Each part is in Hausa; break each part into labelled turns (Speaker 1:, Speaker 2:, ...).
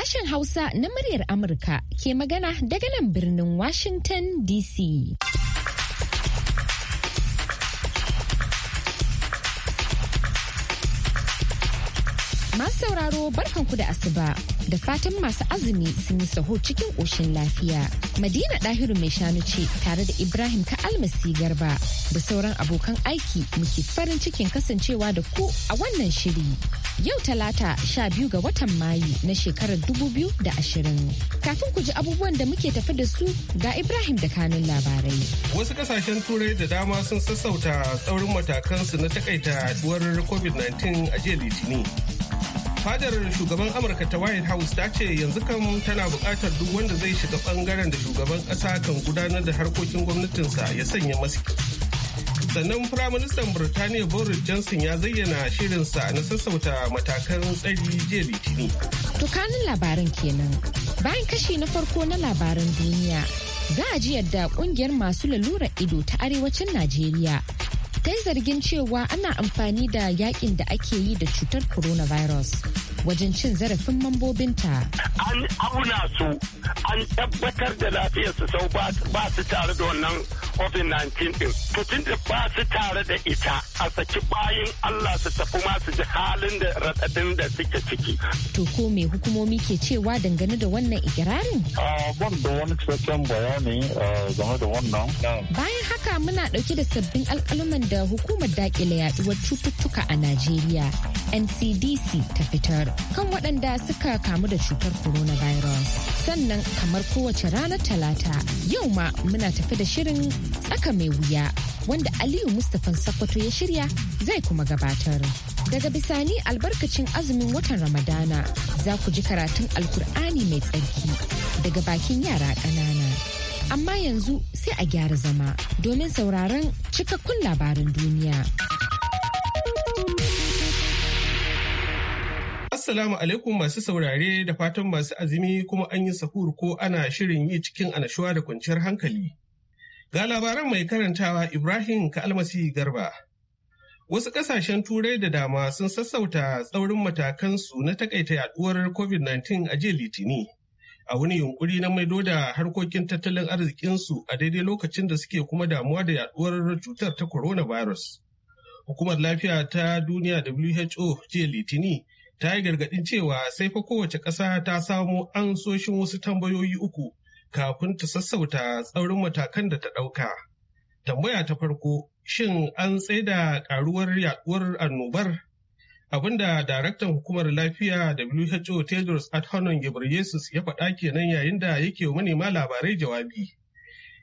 Speaker 1: Sashen Hausa na muryar Amurka ke magana daga nan birnin Washington DC. Masu sauraro barkanku da asuba da fatan masu azumi sun yi saho cikin ƙoshin lafiya. Madina ɗahiru mai shanu ce tare da Ibrahim ka almasi garba da sauran abokan aiki muke farin cikin kasancewa da ku a wannan shiri. Yau talata sha biyu ga watan Mayu na shekarar dubu biyu da ashirin. Kafin ku ji abubuwan da muke tafi da su ga Ibrahim da kanun labarai.
Speaker 2: Wasu kasashen turai da dama sun sassauta tsaurin matakansu na takaita yaduwar COVID-19 a jiya Litinin. fadar shugaban amurka ta white house ta ce yanzu kan tana buƙatar duk wanda zai shiga ɓangaren da shugaban ƙasa kan gudanar da harkokin gwamnatinsa ya sanya masu sannan firaministan birtaniya boris johnson ya zayyana shirinsa na sassauta matakan tsari jiya litini
Speaker 1: tukanin labarin kenan bayan kashi na farko na labaran duniya za a ji yadda kungiyar masu lalura ido ta arewacin najeriya ta yi zargin cewa ana amfani da yakin da ake yi da cutar coronavirus wajen cin zarafin mambobinta.
Speaker 3: An auna su, an tabbatar da lafiyarsu sau ba su tare da wannan COVID-19 din. To da ba su tare da ita a saki bayan Allah su tafi ma su ji halin da raɗaɗin da suke ciki.
Speaker 1: To ko me hukumomi ke cewa dangane da wannan ikirarin?
Speaker 3: Ban wani cikakken bayani game da wannan.
Speaker 1: Bayan haka muna ɗauke da sabbin alƙaluman da hukumar daƙile yaɗuwar cututtuka a Najeriya NCDC ta fitar. kan waɗanda suka kamu da cutar coronavirus. Sannan kamar kowace ranar talata yau ma muna tafi da shirin tsaka mai wuya wanda Aliyu Mustapha Sakwato ya shirya zai kuma gabatar. Daga bisani albarkacin azumin watan Ramadana za ku ji karatun Alkur'ani mai tsarki daga bakin yara ƙanana. amma yanzu sai a gyara zama domin sauraron cikakkun labaran duniya.
Speaker 2: Assalamu alaikum masu saurare da fatan masu azumi kuma an yi sahur ko ana shirin yi cikin anashuwa da kwanciyar hankali. Ga labaran mai karantawa Ibrahim ka Almasi Garba. Wasu ƙasashen Turai da dama sun sassauta tsaurin matakansu na takaita yaduwar COVID-19 a jiya Litini. A wani yunkuri na maido da harkokin tattalin arzikinsu a daidai lokacin da suke kuma damuwa da yaduwar cutar ta coronavirus. Hukumar lafiya ta duniya WHO jiya Litini ta yi gargaɗin cewa sai fa kowace ƙasa ta samo ansoshin wasu tambayoyi uku kafin ta sassauta tsaurin matakan da ta ɗauka. Tambaya ta farko, shin an da ƙaruwar yaɗuwar annobar? Abinda daraktan hukumar lafiya WHO Tedros Adhanom Ghebreyesus ya faɗa kenan yayin da yake manema labarai jawabi.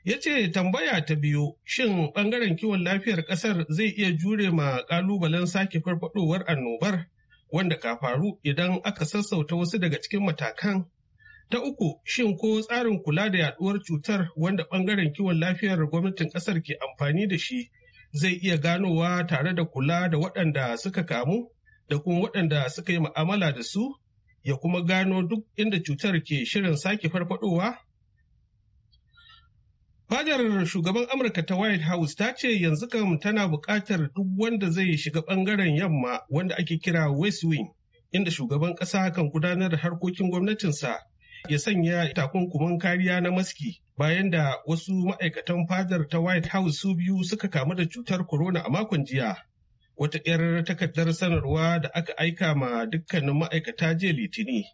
Speaker 2: Ya ce tambaya ta biyu, shin ɓangaren kiwon lafiyar ƙasar zai iya jure ma ƙalubalen sake farfaɗowar annobar? wanda ka faru idan aka sassauta wasu daga cikin matakan. Ta uku, shin ko tsarin kula da yaduwar cutar wanda ɓangaren kiwon lafiyar gwamnatin ƙasar ke amfani da shi zai iya ganowa tare da kula da waɗanda suka kamu da kuma waɗanda suka yi mu'amala da su ya kuma gano duk inda cutar ke shirin sake farfadowa? Fadar shugaban Amurka ta White House ta ce yanzu kam tana buƙatar duk wanda zai shiga ɓangaren yamma wanda ake kira West Wing, inda shugaban ƙasa kan gudanar da harkokin gwamnatinsa ya sanya takunkuman kariya na maski bayan da wasu ma'aikatan fadar ta White House su biyu suka kamu da cutar corona a makon jiya. Wata 'yar takardar sanarwa da aka aika ma dukkanin ma'aikata jiya Litini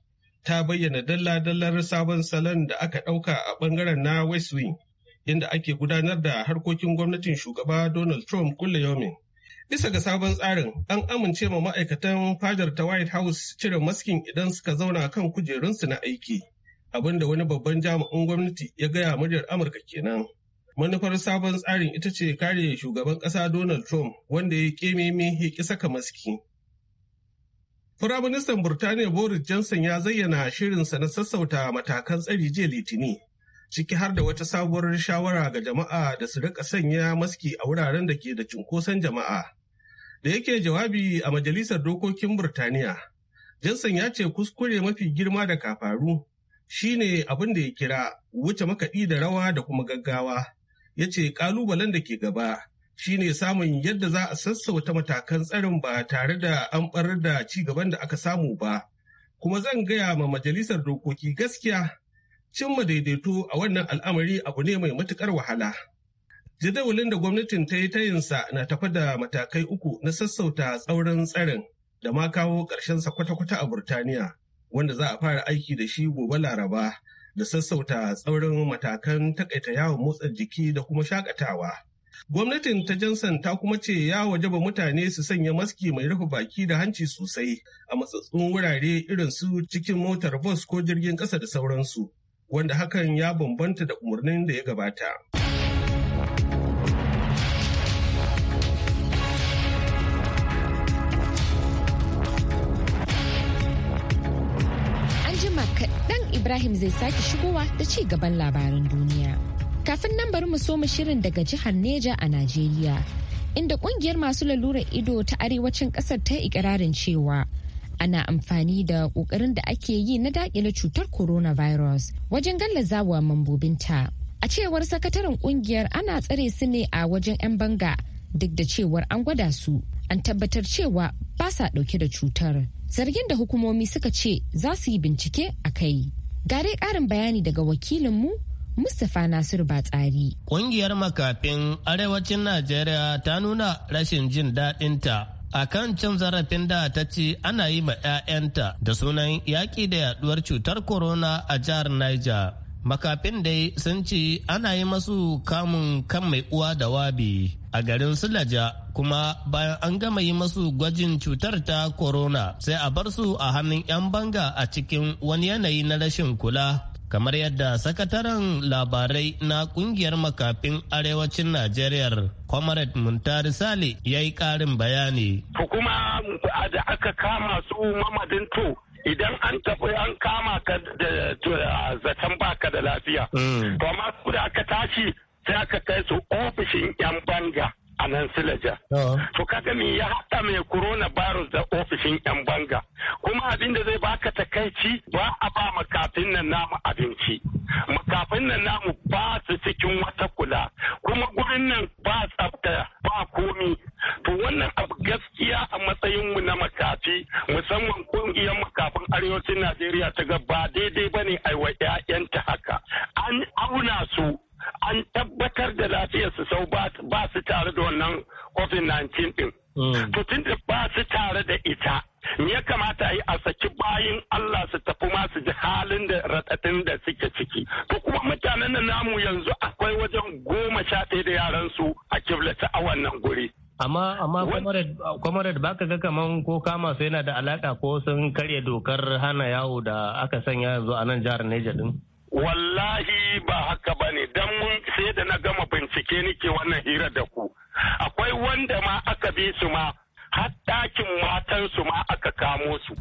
Speaker 2: ta bayyana dalla-dallar sabon salon da aka ɗauka a ɓangaren na West Wing. inda ake gudanar da harkokin gwamnatin shugaba Donald Trump kulle yomin. Bisa ga sabon tsarin, an amince ma ma'aikatan fadar ta White House cire maskin idan suka zauna kan kujerunsu na aiki. Abinda wani babban jami'in gwamnati ya gaya muryar Amurka kenan. Manufar sabon tsarin ita ce kare shugaban ƙasa Donald Trump wanda ya kememe ya ƙi saka maski. Firaministan Burtaniya Boris Johnson ya zayyana shirinsa na sassauta matakan tsari jiya Litini, ciki har da wata sabuwar shawara ga jama'a da su rika sanya maski a wuraren da ke da cunkoson jama'a. Da yake jawabi a Majalisar Dokokin Burtaniya, Johnson ya ce kuskure mafi girma da kafaru shine abin da ya kira wuce makaɗi da rawa da kuma gaggawa. Ya ce ƙalubalen da ke gaba shine samun yadda za a sassauta matakan tsarin ba tare da an barar da ci gaban da aka samu ba. Kuma zan gaya ma Majalisar Dokoki gaskiya. cimma daidaito a wannan al'amari abu ne mai matukar wahala. Jadawalin da gwamnatin ta yi tayinsa na tafi da matakai uku na sassauta tsaurin tsarin da ma kawo sa kwata-kwata a Burtaniya, wanda za a fara aiki da shi gobe Laraba da sassauta tsaurin matakan takaita yawon motsa jiki da kuma shakatawa. Gwamnatin ta Jansan ta kuma ce ya wajaba mutane su sanya maski mai rufe baki da hanci sosai a matsatsun wurare irin su cikin motar bus ko jirgin ƙasa da sauransu. wanda hakan ya bambanta da umarnin da ya gabata.
Speaker 1: An jima kaɗan Ibrahim zai sake shigowa da ci gaban labaran duniya. Kafin nan bari mu so mu shirin daga jihar Neja a Najeriya, inda ƙungiyar masu lalurar ido ta arewacin ƙasar ta yi ikirarin cewa ana amfani da ƙoƙarin da ake yi na daƙile cutar coronavirus wajen gallazawa mambobinta. A cewar sakataren ƙungiyar ana tsare su ne a wajen 'yan banga duk da cewar an gwada su an tabbatar cewa ba sa ɗauke da cutar. Zargin da hukumomi suka ce za su yi bincike a kai. Gare ƙarin bayani daga wakilinmu Mustapha Nasiru Batsari.
Speaker 4: Ƙungiyar makafin arewacin Najeriya ta nuna rashin jin daɗinta a kan cin zarafin da ta ce ana yi ma 'ya'yanta da sunan yaƙi da yaduwar cutar corona a jihar Niger. Makafin dai sun ce ana yi masu kamun kan mai uwa da wabi a garin Sulaja kuma bayan an gama yi masu gwajin cutar ta corona sai a bar su a hannun 'yan banga a cikin wani yanayi na rashin kula. kamar yadda sakataren labarai na kungiyar makafin arewacin najeriya comrade muntari sale ya yi karin bayani hukuma da aka kama su
Speaker 3: mamadin to idan an tafi an kama ka da zaton baka da lafiya mm. to amma da aka tashi sai aka kai su ofishin yan banga a nan silaja. To kaga me ya haɗa mai corona virus da ofishin 'yan banga. Kuma abin da zai baka takaici ba a ba makafin nan namu abinci. Makafin nan namu ba su cikin wata kula. Kuma gurin nan ba tsafta ba komi. To wannan abu gaskiya a matsayinmu na makafi musamman kungiyar makafin arewacin Najeriya ta ga ba daidai bane ne aiwa 'ya'yanta haka. An auna su an tabbatar da lafiyarsu sau ba su tare da wannan covid-19 din. Hmm. To tun da ba su tare da ita, me ya kamata a yi a saki bayin Allah su tafi masu ji halin da raɗaɗin da suke ciki. To kuma mutanen na namu yanzu akwai wajen goma sha ɗaya da yaran su a kiblata a wannan
Speaker 4: guri. amma amma comrade baka ga kaman ko kama su yana da alaka ko sun karya dokar hana yawo da aka sanya yanzu a nan jihar Neja din
Speaker 3: wallahi ba haka ba ne don mun sai da na gama bincike nike wannan hira da ku akwai wanda ma aka bi su ma har ɗakin matansu ma aka kamo su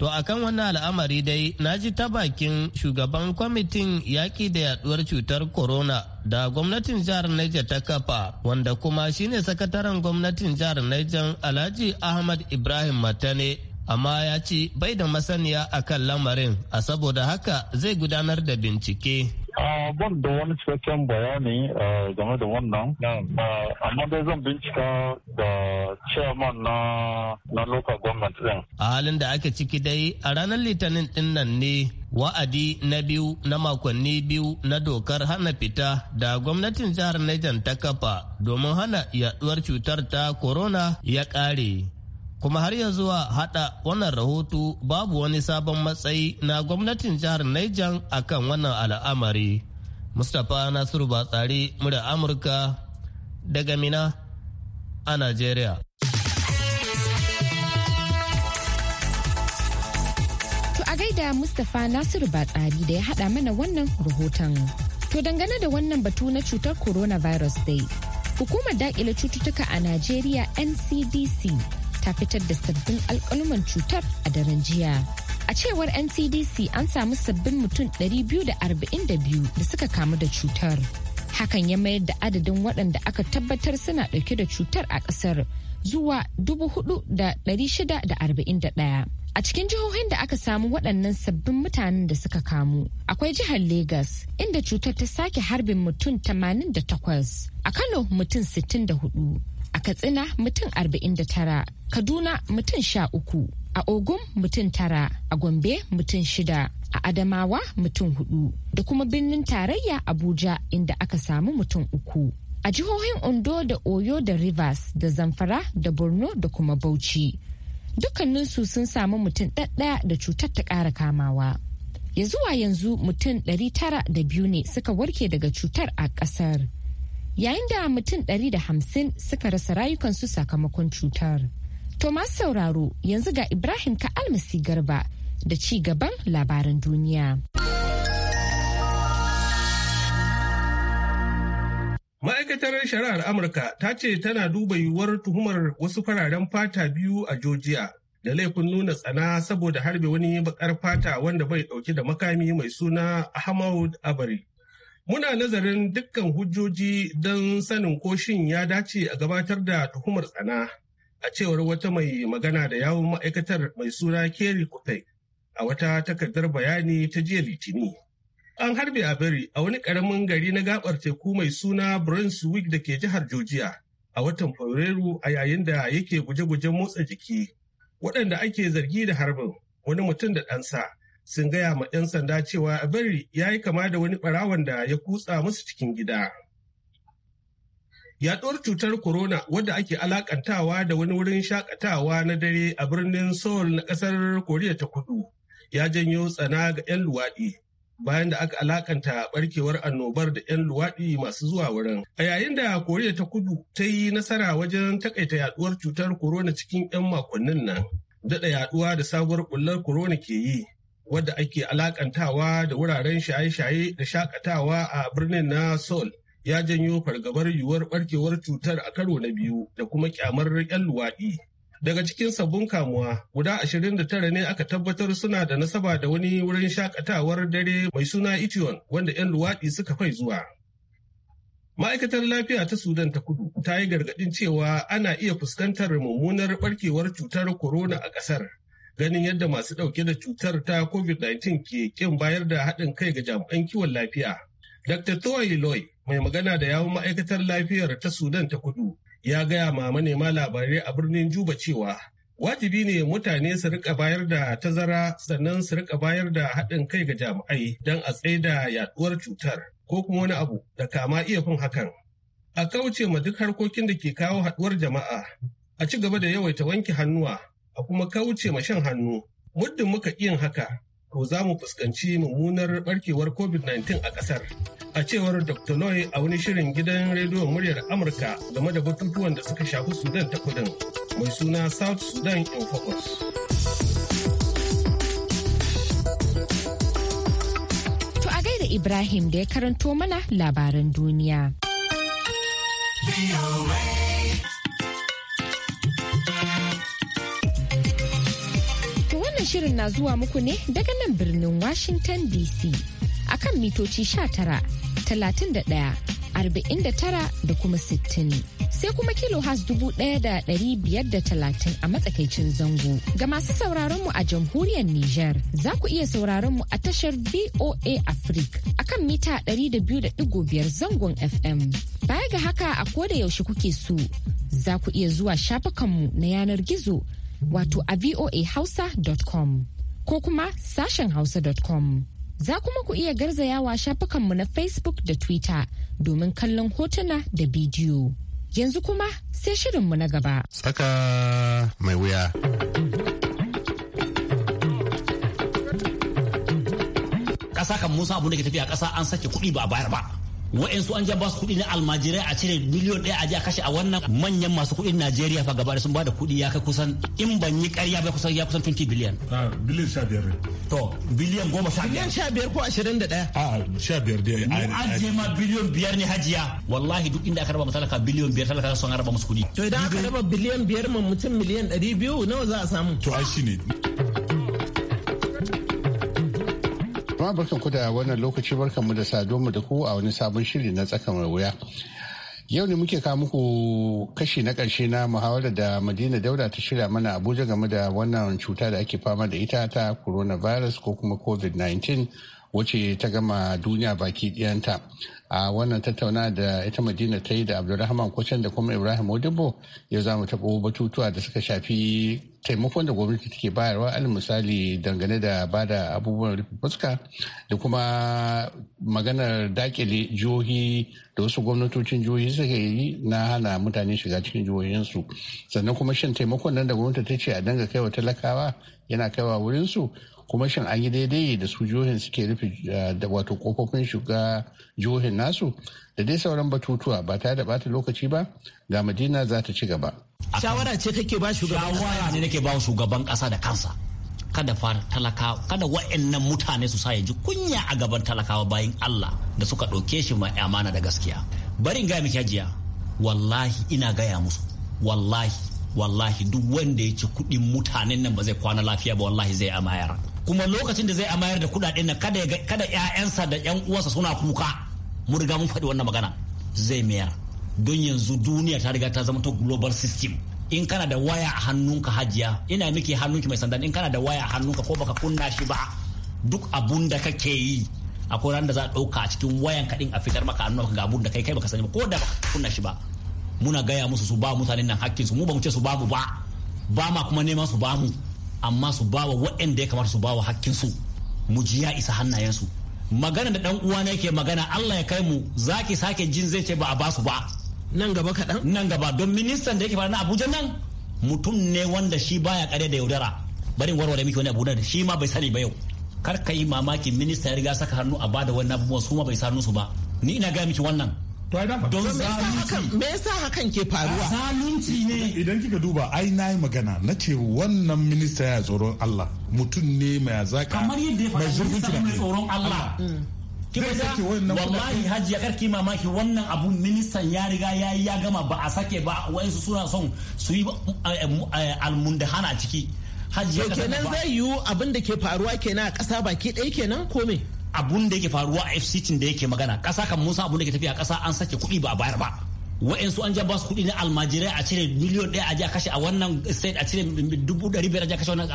Speaker 4: To a kan wannan al'amari dai na ji ta bakin shugaban kwamitin yaƙi da yaduwar cutar corona da gwamnatin jihar Niger ta kafa wanda kuma shine sakataren gwamnatin jihar Niger Alhaji Ahmad Ibrahim Matane amma ya ce bai da masaniya a kan lamarin a saboda haka zai gudanar da bincike
Speaker 3: ban da wani cikakken bayani game da wannan amma dai zan bincika da chairman na na local government din a halin
Speaker 4: da ake ciki dai a ranar litinin din nan ne wa'adi na biyu na makonni biyu na dokar hana fita da gwamnatin jihar Niger ta kafa domin hana yaduwar cutar ta corona ya kare kuma har ya zuwa hada wannan rahoto babu wani sabon matsayi na gwamnatin jihar Niger kan wannan al'amari. Mustapha Nasiru Batsari murar Amurka daga Mina a Najeriya.
Speaker 1: To a gaida Mustapha Nasiru Batsari da ya hada mana wannan rahoton. To dangane da wannan batu na cutar coronavirus dai, hukumar daƙile cututtuka a Najeriya NCDC ta fitar da sabbin alƙaluman cutar a daren jiya. A cewar NCDC an samu sabbin mutum 242 da suka kamu da cutar. Hakan ya mayar da adadin waɗanda aka tabbatar suna ɗauke da cutar a ƙasar zuwa 4,641. A cikin jihohin da aka samu waɗannan sabbin mutanen da suka kamu, akwai jihar Legas inda cutar ta sake harbin mutum 88, a Kano mutum 64. a katsina mutum 49 kaduna mutum 13 a ogun mutum tara a gombe mutum shida a adamawa mutum hudu da kuma birnin tarayya abuja inda aka samu mutum uku a jihohin ondo da oyo da rivers da zamfara da borno da kuma bauchi dukkaninsu sun samu mutum ɗaɗɗaya da cutar ta ƙara kamawa ya zuwa yanzu mutum 902 ne suka warke daga cutar a ƙasar yayin da mutum ɗari da hamsin suka rasa rayukansu sakamakon cutar. To masu sauraro yanzu ga Ibrahim ka almasi garba da ci gaban labaran duniya.
Speaker 2: Ma'aikatar Shari'ar Amurka ta ce tana duba yiwuwar tuhumar wasu fararen fata biyu a Georgia da laifin nuna tsana saboda harbe wani bakar fata wanda bai dauki da makami mai suna Ahmad Abari. Muna nazarin dukkan hujjoji don sanin ko ya dace a gabatar da tuhumar tsana a cewar wata mai magana da yawon ma'aikatar mai suna Kerry Kutai a wata takardar bayani ta jiya Litini. An harbe a bari a wani ƙaramin gari na gabar teku mai suna Brunswick da ke jihar Georgia a watan Fabrairu a yayin da yake guje-gujen motsa jiki waɗanda ake zargi da harbin wani mutum da ɗansa sun gaya ma 'yan sanda cewa bari ya yi kama da wani ɓarawon da ya kutsa musu cikin gida. Yaɗuwar cutar corona wadda ake alakantawa da wani wurin shakatawa na dare a birnin Seoul na ƙasar Koriya ta kudu ya janyo tsana ga 'yan luwaɗi bayan da aka alakanta barkewar annobar da 'yan luwaɗi masu zuwa wurin. A yayin da Koriya ta kudu ta yi nasara wajen takaita yaɗuwar cutar corona cikin 'yan makonnin nan, daɗa yaɗuwa da sabuwar ƙullar corona ke yi. wadda ake alakantawa da wuraren shaye-shaye da shakatawa a birnin na Seoul ya janyo fargabar yiwuwar barkewar cutar a karo na biyu da kuma kyamar 'yan luwaɗi. Daga cikin sabbin kamuwa, guda ashirin da tara ne aka tabbatar suna da nasaba da wani wurin shakatawar dare mai suna Ition wanda 'yan luwaɗi suka fai zuwa. Ma'aikatar lafiya ta Sudan ta kudu ta yi gargaɗin cewa ana iya fuskantar mummunar barkewar cutar corona a ƙasar. ganin yadda masu ɗauke da cutar ta covid-19 ke kin bayar da haɗin kai ga jami'an kiwon lafiya. Dr. Tuwai Loy, mai magana da yawun ma'aikatar lafiyar ta Sudan ta kudu, ya gaya ma manema labarai a birnin Juba cewa wajibi ne mutane su rika bayar da tazara sannan su rika bayar da haɗin kai ga jami'ai don a tsaida yaɗuwar cutar ko kuma wani abu da kama iya fin hakan. A kauce ma duk harkokin da ke kawo haɗuwar jama'a, a ci gaba da yawaita wanke hannuwa a kuma kauce ma shan hannu muddin muka yin haka to za mu fuskanci mummunar barkewar covid-19 a ƙasar, a cewar dr Noy a wani shirin gidan rediyon muryar amurka game da batutuwan da suka shafi sudan ta kudin mai suna south sudan in focus
Speaker 1: to a gaida ibrahim da ya karanto mana labaran duniya. shirin na zuwa muku ne daga nan birnin Washington DC a kan mitoci 19, tara 49 da kuma 60. Sai kuma kilo has talatin a matsakaicin zango. Ga masu sauraron mu a jamhuriyar Nijar, za ku iya sauraron mu a tashar VOA Africa a kan mita 200.5 zangon FM. Baya ga haka a koda yaushe kuke so, za ku iya zuwa shafukanmu na yanar gizo. wato a voahausa.com ko kuma sashen hausa.com. Za kuma ku iya garzayawa shafukanmu na Facebook da Twitter domin kallon hotuna da bidiyo. Yanzu kuma sai shirinmu na gaba.
Speaker 5: Tsaka mai wuya. Ƙasa kan musa abu da ke tafiya ƙasa an sake kuɗi ba a bayar ba. wa'ansu an ja ba su kuɗi na almajirai a cire miliyon ɗaya a je a kashe a wannan manyan masu kuɗin Najeriya fa gaba da sun ba da kuɗi ya kai kusan in ban yi ƙarya ba kusan ya kusan 20 biliyan. biliyan sha biyar ne. To biliyan goma sha biyar. Biliyan sha biyar ko ashirin da ɗaya. A ah, sha biyar dai. Mu ajiye ma biliyon biyar ne hajiya. Wallahi duk inda aka raba talaka biliyon biyar talaka sun raba musu kuɗi. To idan aka raba biliyan biyar ma mutum miliyan ɗari biyu nawa za a samu. To ai shi ne.
Speaker 6: Jama'a barkan ku da wannan lokaci barkan mu da sado mu da ku a wani sabon shiri na tsaka mai wuya. Yau ne muke kawo muku kashi na karshe na muhawarar da Madina Dauda ta shirya mana Abuja game da wannan cuta da ake fama da ita ta coronavirus ko kuma COVID-19 wacce ta gama duniya baki ɗiyanta a wannan tattauna da ita madina ta yi da abdulrahman kwacan da kuma ibrahim modibo yau za mu taɓo batutuwa da suka shafi taimakon da gwamnati take bayarwa al misali dangane da ba da abubuwan rufe fuska da kuma maganar dakile jihohi da wasu gwamnatocin jihohi suka yi na hana mutane shiga cikin jihohinsu sannan kuma shin taimakon nan da gwamnati ta ce a danga kaiwa talakawa yana kaiwa wurinsu kuma shin an yi daidai da su jihohin suke rufe eh, da wato kofofin shiga jihohin nasu da dai sauran batutuwa ba ta da bata lokaci ba ga madina za ta ci
Speaker 5: gaba shawara ce kake ba shugaban shawara ne nake ba shugaban kasa da kansa kada far talaka kada wa'annan mutane su sa ya ji kunya a gaban talakawa bayan Allah da suka ɗauke shi ma amana da gaskiya barin ga miki jiya wallahi ina gaya musu wallahi wallahi duk wanda ya ci kuɗin mutanen nan ba zai kwana lafiya ba wallahi zai amayar kuma lokacin da zai amayar da kuɗaɗen nan kada kada ƴaƴansa da ƴan uwansa suna kuka mu riga mun faɗi wannan magana zai mayar don yanzu duniya ta riga ta zama ta global system in kana da waya a hannunka hajiya ina miki hannunki mai sandan in kana da waya a hannunka ko baka kunna shi ba duk abun da kake yi akwai ran da za a ɗauka a cikin wayan kaɗin a fitar maka hannunka ga abun da kai kai baka sani ba ko da baka kunna shi ba muna gaya musu su ba mutanen nan hakkin mu ba mu ce su babu ba ba ma kuma neman su ba mu amma su ba wa waɗanda ya kamata su ba wa hakkin su mu ji ya isa hannayensu. magana da dan uwa na yake magana Allah ya kai mu zaki sake jin zai ce ba a basu ba nan gaba kaɗan nan gaba don ministan da yake fara na Abuja nan mutum ne wanda shi baya kare da yaudara bari warware miki wani abu da shi ma bai sani ba yau kar ka yi mamakin minista ya riga saka hannu a bada wannan abubuwan su ma bai sa su ba ni ina gaya miki wannan don zalunci me yasa hakan ke faruwa zalunci
Speaker 7: ne idan kika duba ai nayi magana na ce wannan minista ya tsoron Allah mutum ne mai zaka kamar yadda ya faɗa mai tsoron Allah mm. wallahi
Speaker 5: hajiya karki mamaki wannan abu ministan ya riga ya yi ya gama ba a sake ba wa'insu suna son su yi eh, eh, almundahana ciki hajiya kenan zai yiwu abin da ke faruwa kenan a ƙasa baki ɗaya kenan ko me abun da yake faruwa a fc da yake magana kasa kan musa abun da yake tafiya kasa an sake kuɗi ba a bayar ba wa'ansu an ja ba su kuɗi na almajirai a cire miliyon ɗaya a je a kashe a wannan state a cire dubu ɗari biyar a je a kashe wannan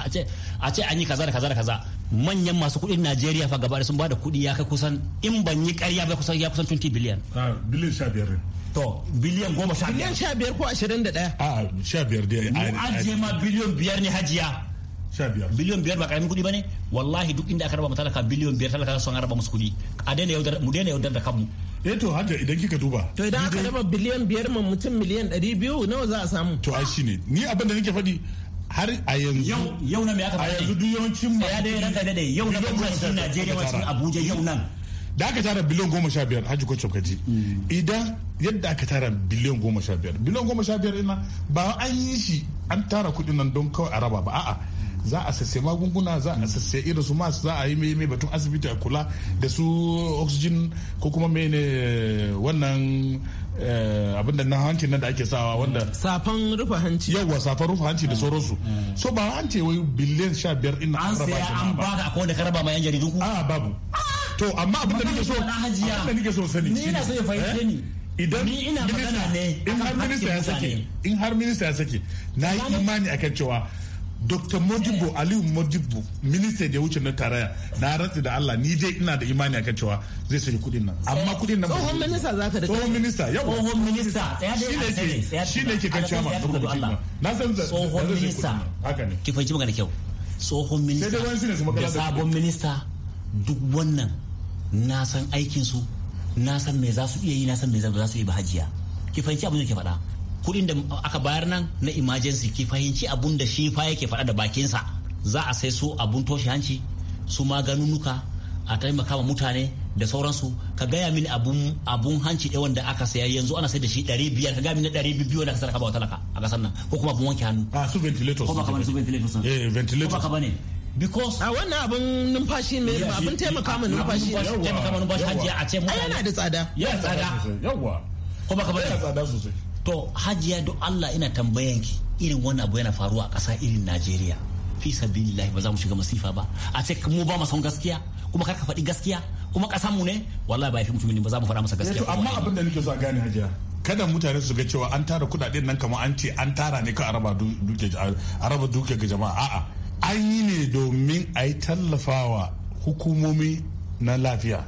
Speaker 5: a ce an yi kaza da kaza da kaza manyan masu kuɗin Najeriya fa gaba sun ba da kuɗi ya kai kusan in ban yi ƙarya ba kusan ya kusan 20 biliyan.
Speaker 7: Ah, biliyan sha biyar
Speaker 5: To biliyan goma sha biyar. ko ashirin da ɗaya. A ah, sha biyar dai. a ajiye ma biliyon biyar ne hajiya. biliyon biyar ba karamin kuɗi ba ne wallahi duk inda aka raba mu talaka biliyon biyar talaka sun araba musu kuɗi a daina yaudar mu daina yaudar da kanmu eh to haka idan kika duba to idan aka raba biliyon biyar ma mutum miliyan ɗari biyu nawa za a
Speaker 7: samu to ai shine ni abin da nake faɗi har a yanzu yau na me aka faɗi a yanzu duk yawancin ma ya dai ranka da yau na gwamnatin Najeriya wacin Abuja yau nan da aka tara biliyon goma sha biyar hajji kwacce kaji mm. idan yadda aka tara biliyon goma sha biyar biliyon goma sha biyar ina ba an yi shi an tara kuɗin nan don kawai a raba ba a'a za a sassai magunguna za a sassai irin su masu za a yi mai mai batun asibiti a kula da su oxygen ko kuma mai ne wannan eh, abinda na hanci nan da ake sawa wanda safan rufe hanci yawa safan rufe hanci da sauransu mm, mm. so ba an wai biliyan sha biyar ina an raba
Speaker 5: shi an ba da akwai ka karaba ma yan jaridu ku a babu to amma abinda nake so abinda nake so sani ni ina so ya fahimce ni eh, idan minista in har minista ya sake in
Speaker 7: har minista ya sake na yi imani akan cewa dr modibo aliyu modibo minista da wuce na tarayya na rantsi da allah ni dai ina da imani akan cewa zai sayi kudin nan amma kudin nan tsohon minista za ka da tsohon minista yau tsohon minista shi ne ke kan cewa
Speaker 5: na san da tsohon minista haka ne ki fahimci magana kyau tsohon minista da sabon minista duk wannan na san aikinsu na san me za su iya yi na san me za su yi ba hajiya ki fahimci abin da ke faɗa kuɗin da aka bayar nan na emergency ki fahimci abun da shi fa yake faɗa da bakinsa za a sai su abun toshe hanci su maganunuka a taimaka wa mutane da sauransu ka gaya mini abun abun hanci ɗaya wanda aka saya yanzu ana sai da shi ɗari biyar ka gaya mini ɗari biyu wanda aka sarka ba talaka a ƙasar nan ko kuma abun wanke hannu. a ah, su ventilators ko ba ka bane su ventilators. eh ventilator. ko ba ka bane because
Speaker 4: a ah, wannan abun numfashi ne abun taimaka ma numfashi ne taimaka ma numfashi hajiya a ce mutane yana da tsada yana tsada
Speaker 5: yawa ko ba ka bane yana tsada sosai to hajiya don allah ina tambayan ki irin wani abu yana faruwa a ƙasa irin najeriya fi sabilillahi ba za mu shiga masifa ba a ce mu ba mu son gaskiya kuma kar ka faɗi gaskiya kuma ƙasan mu ne wallahi ba ya fi mutum ba za mu fara masa gaskiya amma abin
Speaker 7: da nake so a gane hajiya
Speaker 5: kada mutane su ga cewa an tara kudaden nan kamar an ce
Speaker 7: an tara ne ka araba duke ga jama'a a'a an yi ne domin a yi tallafawa hukumomi na lafiya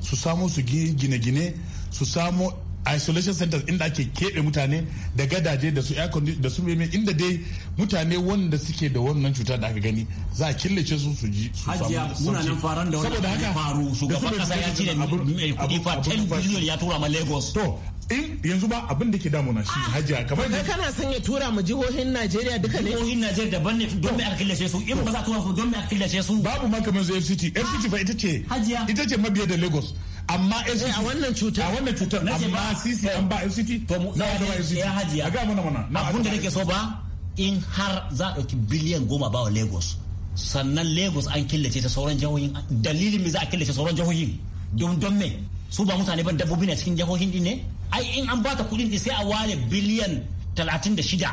Speaker 7: su samo su gine-gine su samo isolation centers inda ake keɓe mutane da gadaje da su da su meme inda dai mutane wanda suke da wannan cuta da aka gani za a killace su su ji su samu muna nan faran da wani ya faru shugaban kasa ya ci da
Speaker 5: kuɗi fa 10 billion ya tura ma Lagos to in yanzu ba abin da ke damuna shi hajiya kamar da kana son ya tura mu jihohin Najeriya duka ne jihohin Najeriya daban ne don me aka killace su in ba za a tura su don me aka killace su babu ma kamar su FCT FCT fa ita ce hajiya ita ce mabiya da Lagos amma eh, a wannan cutar a wannan cutar amma CC an ba FCT to mu za a ba FCT ya hajiya ga mana mana abun da nake so ba in har za a dauki biliyan goma ba wa Lagos sannan Lagos an killace ta sauran jihohin dalilin me za a killace sauran jihohin don don me su ba mutane ban dabbobi ne cikin jihohin din ne ai in an bata kuɗin din sai a ware biliyan 36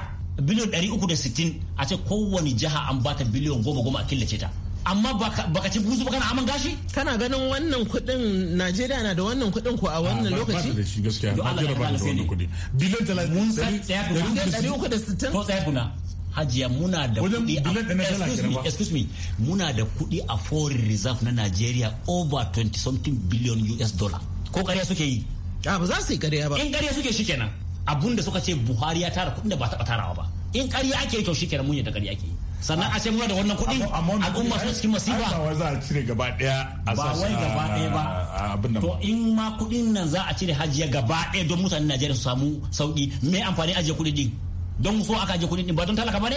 Speaker 5: biliyan 360 a ce kowane jiha an bata biliyan goma goma a killace ta amma baka ci buzu ba kana aman gashi kana ganin wannan kuɗin Najeriya na da wannan kuɗin ko a ah, wannan lokaci ba da shi gaskiya Najeriya ba da wannan kuɗi biliyan 30 mun san tsaya kuna 360 to tsaya kuna hajiya muna da kuɗi excuse me muna da kuɗi a foreign reserve na Najeriya over 20 something billion US dollar ko ƙarya suke yi a ah, ba za su yi ƙarya ba in ƙarya suke shikenan abun da suka ce Buhari ya tara kuɗin da ba taɓa tarawa ba in ƙarya ake yi to shikenan mun yadda ƙarya ake yi sannan a ce muna da wannan kuɗi al'umma su cikin masifa ba za a cire gaba daya a ba wai gaba daya ba to in ma kuɗin nan za a cire hajiya gaba daya don mutanen Najeriya su samu sauki me amfani ajiye kuɗi din don so aka ajiye kuɗi din ba don talaka ba ne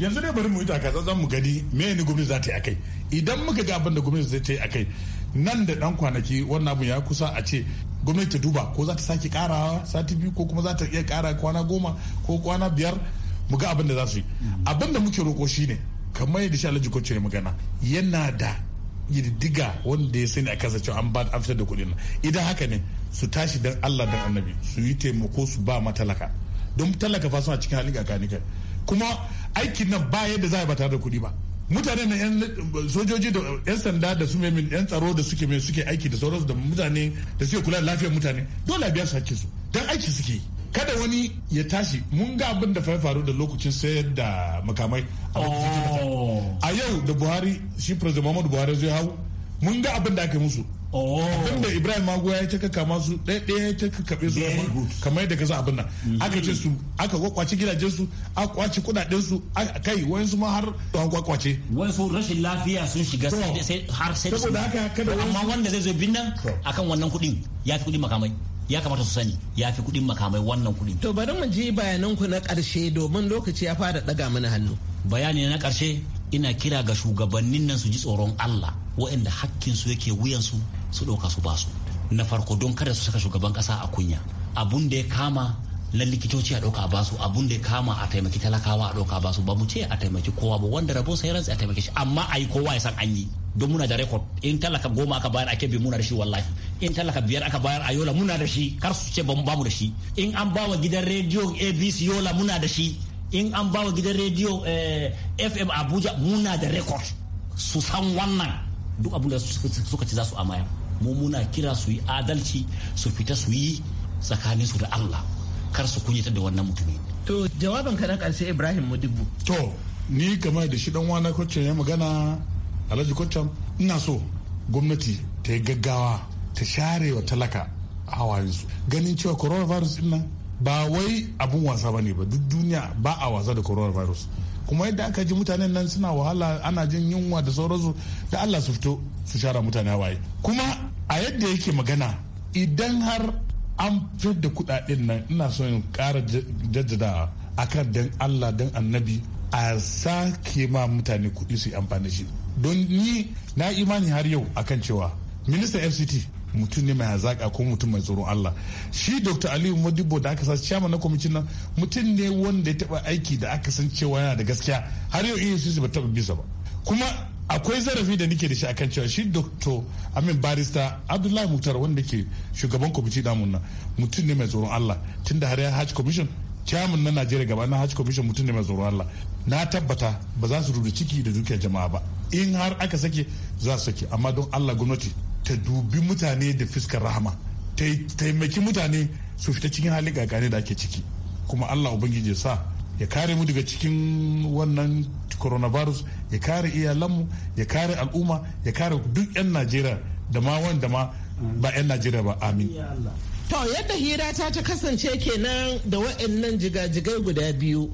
Speaker 5: yanzu ne bari mu yi taka zan mu gani me ne gwamnati za ta yi akai
Speaker 7: idan muka ga abin da gwamnati za ta yi akai nan da dan kwanaki wannan abu ya kusa a ce gwamnati ta duba ko za ta sake karawa sati biyu ko kuma za ta iya kara kwana goma ko kwana biyar mu ga abin da za su yi abin da muke roƙo ne kamar yadda shi alhaji kwace magana yana da girdiga wanda ya sani a kasa cewa an ba an fitar da kuɗin idan haka ne su tashi dan Allah dan annabi su yi taimako su ba matalaka don talaka fa suna cikin halin kai. kuma aikin nan ba yadda za a ba tare da kuɗi ba mutane na yan sojoji da yan sanda da su mai yan tsaro da suke mai suke aiki da sauransu da mutane da suke kula da lafiyar mutane dole a biya su hakkin su dan aiki suke yi kada wani ya tashi mun ga abin da faru da lokacin sayar da makamai oh. a yau da buhari shi president muhammadu buhari zai hau mun ga abin da aka yi musu oh. abin da ibrahim magoya ya taka kama su ɗaya ta kaɓe su kamar yadda ka sa abin nan mm-hmm. aka ce su aka kwakwace gidajen
Speaker 5: su aka kwace kudaden su kai wayan su ma har an kwakwace wani su rashin lafiya sun shiga sai har sai saboda haka kada amma wanda zai zo bin nan akan wannan kuɗin ya fi kuɗin makamai ya kamata su sani ya fi kuɗin makamai wannan kuɗin. To bari mu ji bayananku na ƙarshe domin lokaci ya fara ɗaga mana hannu. Bayani na ƙarshe ina kira ga shugabannin nan su ji tsoron Allah waɗanda hakkinsu yake wuyansu su ɗauka su basu. Na farko don kada su saka shugaban ƙasa a kunya. Abun da ya kama na likitoci a ɗauka ba su abun da ya kama a taimaki talakawa a ɗauka ba su ba mu ce a taimaki kowa ba wanda rabo sai ransa a taimaki shi amma a yi kowa ya san an yi don muna da rekod in talaka goma aka bayar a kebe muna da shi wallahi in talaka biyar aka bayar a yola muna da shi kar su ce ba mu da shi in an bawa gidan rediyo abc yola muna da shi in an bawa gidan rediyo eh, fm abuja muna da rekod su san wannan duk abin da suka ci za su amaya mu muna kira su yi adalci su fita su yi tsakaninsu da allah kar su kunyata da wannan mutumi to jawaban
Speaker 7: ka na karshe Ibrahim Mudibu to ni game da shi dan wani kwaccin ya magana Alhaji Kwaccam ina so gwamnati ta yi gaggawa ta share wa talaka hawayensu ganin cewa coronavirus din nan ba wai abun wasa ba ne ba duk duniya ba a wasa da coronavirus kuma yadda aka ji mutanen nan suna wahala ana jin yunwa da sauransu da allah su fito su share mutane hawaye kuma a yadda yake magana idan har an fitar da kudaden nan ina so in kara jaddada akan dan Allah dan annabi a sake ma mutane kuɗi su amfani shi don ni na imani har yau akan cewa minista fct mutum ne mai hazaƙa ko mutum mai tsoron Allah shi Dr. Aliyu Modibo da aka sa chairman na kwamitin nan mutum ne wanda ya taba aiki da aka san cewa yana da gaskiya har yau EFCC ba taba bisa ba kuma akwai zarafi da nike da shi akan cewa shi Dr amin barista abdullahi muktar wanda ke shugaban kwamiti namun nan mutum ne mai tsoron allah tun da har hajj commission chairman na najeriya gaba na hajj commission mutum ne mai tsoron allah na tabbata ba za su rubuta ciki da dukiyar jama'a ba in har aka sake za su sake amma don allah gwamnati ta dubi mutane da fuskar rahama taimaki mutane su fita cikin halin kakane da ake ciki kuma allah ubangiji ya sa ya kare mu daga cikin wannan coronavirus ya kare iyalanmu ya kare al'umma ya kare duk 'yan najeriya da ma wanda ma ba 'yan najeriya ba amin
Speaker 4: to yadda hira ta ta kasance kenan da waɗannan jigajigai guda biyu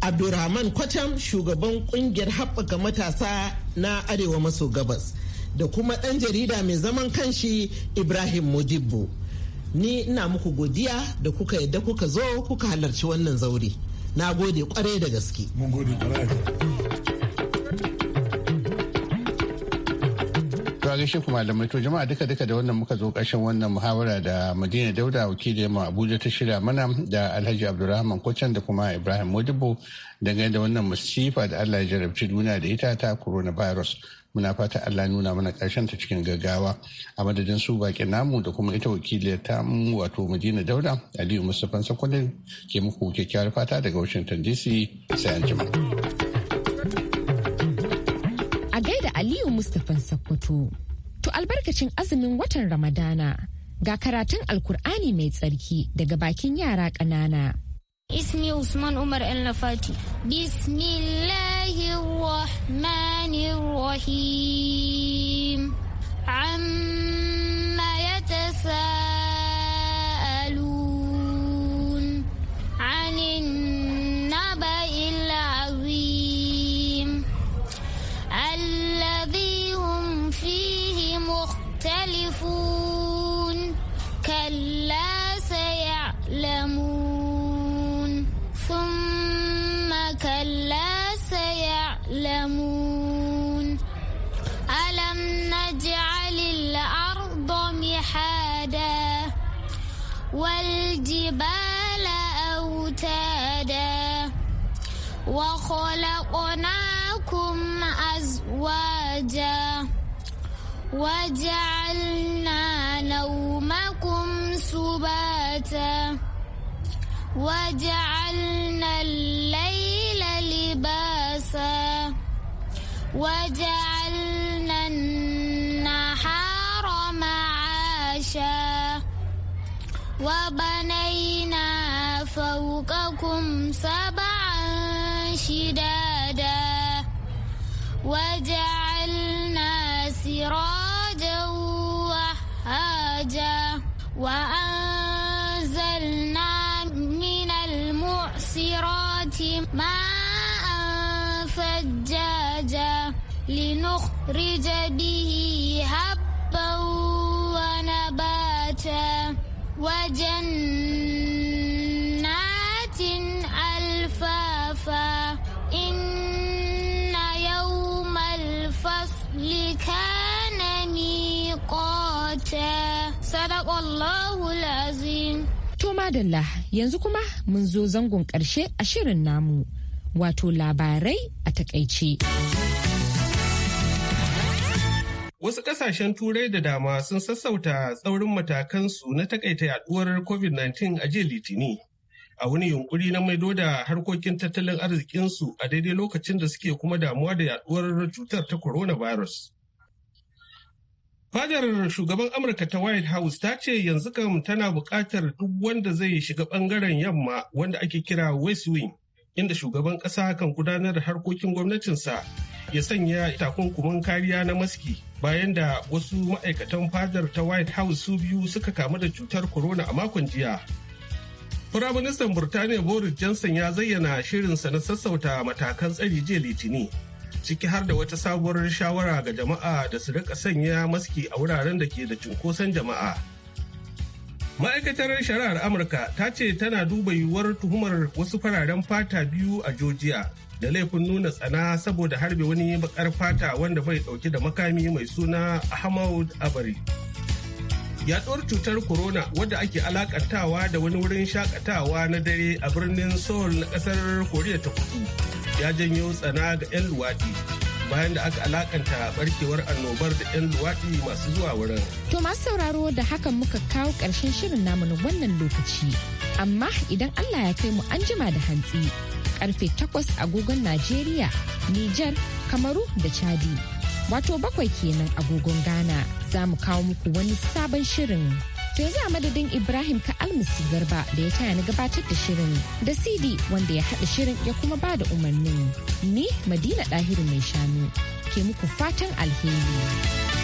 Speaker 5: abdulrahman kwatam shugaban kungiyar haɓaka matasa na arewa maso gabas da kuma ɗan jarida mai zaman kanshi ibrahim modibbo ni ina muku godiya da kuka yadda kuka zo kuka halarci wannan zaure. na gode kwarai da gaske mun
Speaker 6: gaishe ku malamai to jama'a duka duka da wannan muka zo ƙarshen wannan muhawara da Madina Dauda wakili yamma Abuja ta shirya mana da Alhaji Abdulrahman Kocan da kuma Ibrahim Modibo dangane da wannan musifa da Allah ya jarabci duniya da ita ta coronavirus. muna fata Allah nuna mana karshen ta cikin gaggawa a madadin su bakin namu da kuma ita wakiliyar ta wato Madina Dauda Aliyu Mustapha Sakwale ke muku kyakkyawar fata daga Washington DC sai an jima.
Speaker 1: A gaida Aliyu Mustapha sakwato to albarkacin azumin watan Ramadana ga karatun Alkur'ani mai tsarki daga bakin yara ƙanana.
Speaker 8: Ismi Usman Umar El Nafati. Bismillah. الله الرحمن الرحيم عما يتساءلون عن الناس وجعلنا الليل لباسا وجعلنا النهار معاشا وبنينا فوقكم سبعا شدادا وجعلنا سراجا وهاجا وأن والصراط ماء فجاجا لنخرج به هبا ونباتا وجنات ألفافا إن يوم الفصل
Speaker 1: كان ميقاتا صدق الله العظيم to Yanzu kuma mun zo zangon ƙarshe a shirin namu, wato labarai a takaice.
Speaker 2: Wasu ƙasashen turai da dama sun sassauta tsaurin matakansu na takaita yaduwar COVID-19 a jiya Litini. A wani yunkuri na maido da harkokin tattalin arzikinsu a daidai lokacin da suke kuma damuwa da yaduwar cutar ta coronavirus. Fadar shugaban Amurka ta White House ta ce yanzu kam tana buƙatar duk wanda zai shiga ɓangaren yamma wanda ake kira West Wing, inda shugaban ƙasa kan gudanar da harkokin gwamnatinsa ya sanya takunkuman kariya na maski bayan da wasu ma'aikatan fadar ta White House su biyu suka kamu da cutar corona a makon jiya. Firaministan Burtaniya Boris Johnson ya zayyana shirinsa na sassauta matakan tsari jiya litini. ciki har da wata sabuwar shawara ga jama'a da su rika sanya maski a wuraren da ke da cunkoson jama'a. Ma'aikatar shari'ar Amurka ta ce tana duba yiwuwar tuhumar wasu fararen fata biyu a Georgia da laifin nuna tsana saboda harbe wani bakar fata wanda bai dauke da makami mai suna Ahmad Abari. Yaɗuwar cutar corona wadda ake alakantawa da wani wurin shakatawa na dare a birnin Seoul na kasar Koriya ta Kudu. ya janyo tsana ga 'yan luwaɗi bayan da aka alakanta barkewar annobar da 'yan luwaɗi masu zuwa wurin.
Speaker 1: To masu sauraro da haka muka kawo ƙarshen shirin namu na wannan lokaci. Amma idan Allah ya kai mu an jima da hantsi karfe takwas agogon Najeriya, Nijar, Kamaru da Chadi. Wato bakwai kenan agogon Ghana za mu kawo muku wani sabon shirin. To yanzu a madadin Ibrahim ka almasi garba da ya taya na gabatar da shirin da CD wanda ya haɗa shirin ya kuma ba da umarnin. Ni Madina Ɗahiru mai shanu ke muku fatan alheri.